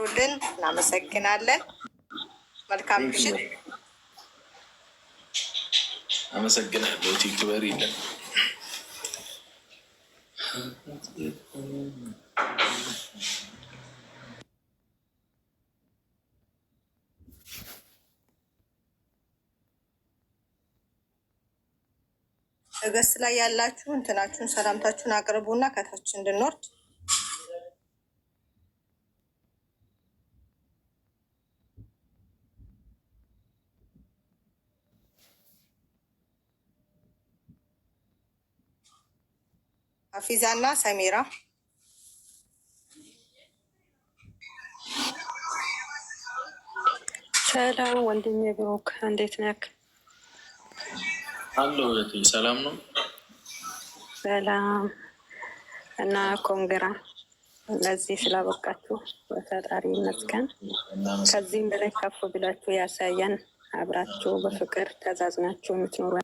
ሩልን እናመሰግናለን። መልካም ምሽት። አመሰግናለሁ። ቲክበር የለም እገስ ላይ ያላችሁ እንትናችሁን ሰላምታችሁን አቅርቡና ከታች እንድንወርድ ሀፊዛ እና ሰሜራ ሰላም ወንድሜ ብሩክ እንዴት ነክ? አሎ ሰላም ነው። ሰላም እና ኮንግራ ለዚህ ስላበቃችሁ በፈጣሪ ይመስገን። ከዚህም በላይ ከፍ ብላችሁ ያሳየን። አብራችሁ በፍቅር ተዛዝናችሁ የምትኖሩ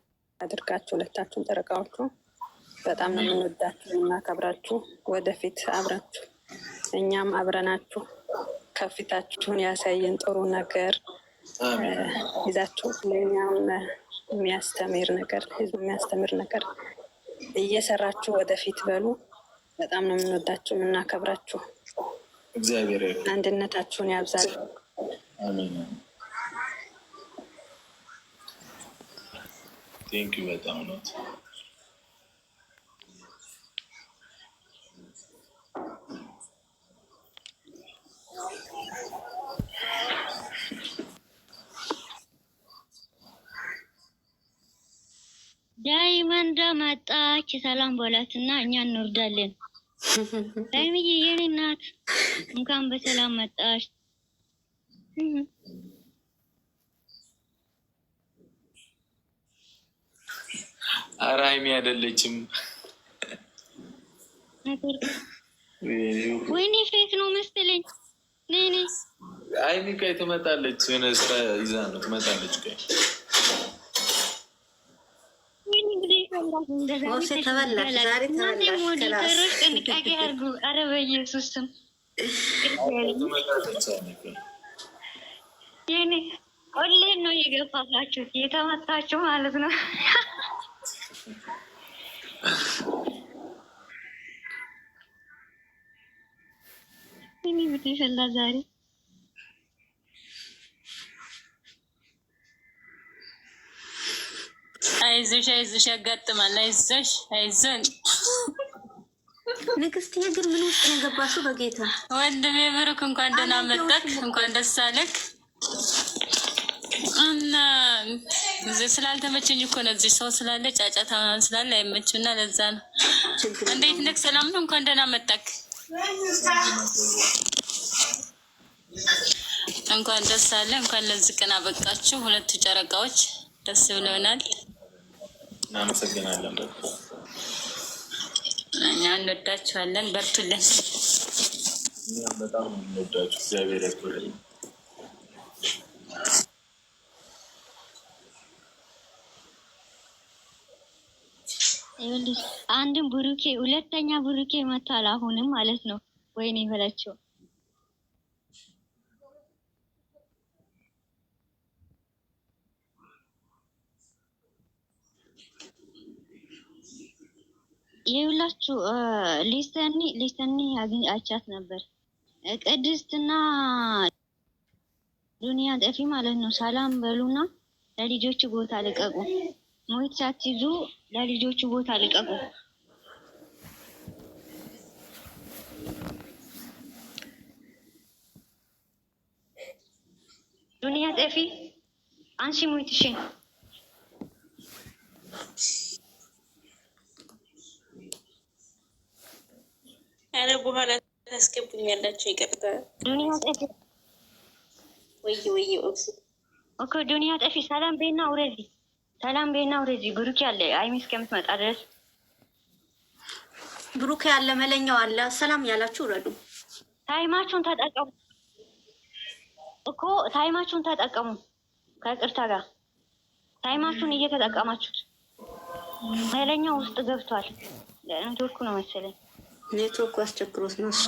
አድርጋችሁ ሁለታችሁን ጠረቃዎቹ በጣም ነው የምንወዳችሁ የምናከብራችሁ። ወደፊት አብራችሁ እኛም አብረናችሁ ከፊታችሁን ያሳየን ጥሩ ነገር ይዛችሁ ለእኛም የሚያስተምር ነገር ህዝብ የሚያስተምር ነገር እየሰራችሁ ወደፊት በሉ። በጣም ነው የምንወዳችሁ የምናከብራችሁ። እግዚአብሔር አንድነታችሁን ያብዛል። በጣም ነው ሩዳ መጣች። ሰላም በላት እና እኛ እንወርዳለን። ሀይሚዬ የኔ እናት እንኳን በሰላም መጣች። ኧረ ሀይሚ አይደለችም። ወይኔ ፌት ነው መሰለኝ። ሀይሚ ቆይ ትመጣለች። የሆነ ስራ ይዛ ነው ትመጣለች። ቆይ ጥንቃቄ አድርጉ። ኧረ በኢየሱስ ስም ይህኔ ነው እየገፋፋችሁ የተመታችሁ ማለት ነው። ይህ ይፈላ ዛሬ አይዞሽ አይዞሽ ያጋጥማል። አይዞሽ አይዞን። ንግስትዬ ግን ምን ውስጥ ነው የገባሽው? በጌታ ወንድሜ ብሩክ እንኳን ደህና መጣክ፣ እንኳን ደስ አለክ። እና እዚህ ስላልተመቸኝ እኮ ነው። እዚህ ሰው ስላለ ጫጫታ ምናምን ስላለ አይመችም እና ለዛ ነው። እንዴት ነክ? ሰላም ነው? እንኳን ደህና መጣክ። እንኳን ደስ አለ። እንኳን ለዚህ ቀን አበቃችሁ ሁለቱ ጨረቃዎች። ደስ ብሎናል። እናመሰግናለን። እኛ እንወዳችኋለን። በርቱልን። በጣም እንወዳችሁ። እግዚአብሔር ያክብርልን። አንድም ብሩኬ፣ ሁለተኛ ብሩኬ መቷል። አሁንም ማለት ነው። ወይኔ በላቸው ይኸውላችሁ ሊሰኒ ሊሰኒ አግኝቻት ነበር። ቅድስትና ዱንያ ጠፊ ማለት ነው። ሰላም በሉና ለልጆቹ ቦታ ልቀቁ። ሞት ሳትይዙ ለልጆቹ ቦታ ልቀቁ። ዱንያ ጠፊ አንሺ ሞትሽን በኋላ ታስገቡኝ ይቅርታ። ዱኒያ ጠፊ ሰላም ቤና ውረዚ፣ ሰላም ቤና ውረዚ። ብሩክ ያለ አይሚ እስከምትመጣ ድረስ ብሩክ ያለ መለኛው አለ። ሰላም ያላችሁ ውረዱ። ታይማችሁን ተጠቀሙ እኮ ታይማችሁን ተጠቀሙ። ከቅርታ ጋር ታይማችሁን እየተጠቀማችሁት መለኛው ውስጥ ገብቷል። ኔትወርኩ ነው መሰለኝ ኔትወርኩ አስቸግሮት ነው እሱ።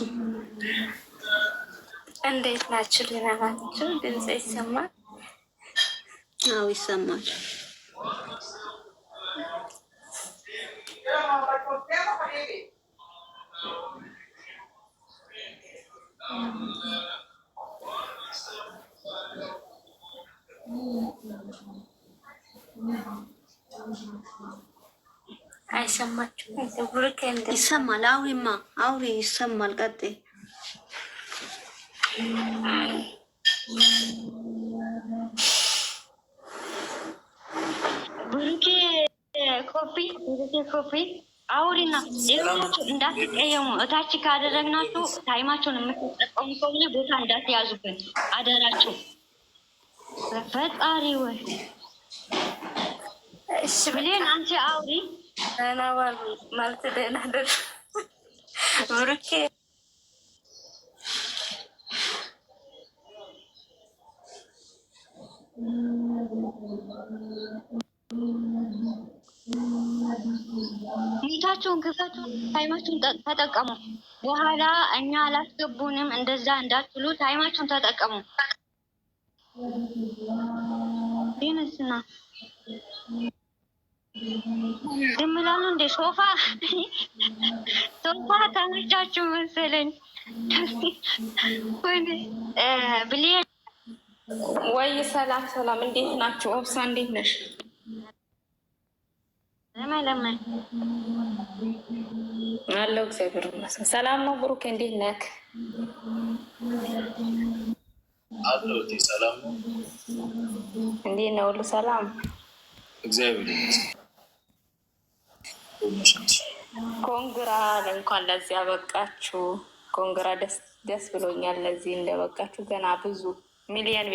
እንዴት ናችሁ? ደህና ናችሁ? ድምፅ ይሰማል? አዎ ይሰማል። አይሰማችሁ? ይሰማል። አውሪማ፣ አውሪ፣ ይሰማል። ቀጥይ። ብሩኬ ኮፒ፣ ብሩኬ ኮፒ አውሪና ሌሎቹ እንዳትቀየሙ። እታች ካደረግናችሁ ታይማቸውን የምትጠቀሙ ከሆነ ቦታ እንዳትያዙብን አደራችሁ። በፈጣሪ ወይ ብሌን አንቺ አውሪ ደህና ዋሉ ማለት ደህና ደር ብሩኬ ሚታችሁን ክፈቱ፣ ታይማችሁን ተጠቀሙ። በኋላ እኛ አላስገቡንም እንደዛ እንዳትሉ ታይማችሁን ተጠቀሙ። ይህንስና ዝምላሉ እንደ ሶፋ ሶፋ ተመቻችሁ መሰለኝ። ወይ ሰላም ሰላም፣ እንዴት ናችሁ? ኦብሳ እንዴት ነሽ? ለመለመን አለው እግዚአብሔር ይመስገን። ሰላም ነው። ብሩክ እንዴት ነክ? አለው ሰላም ነው። እንዴት ነው? ሁሉ ሰላም እግዚአብሔር ይመስገን። ኮንግራ እንኳን ለዚህ አበቃችሁ። ኮንግራ ደስ ብሎኛል ለዚህ እንደበቃችሁ። ገና ብዙ ሚሊየን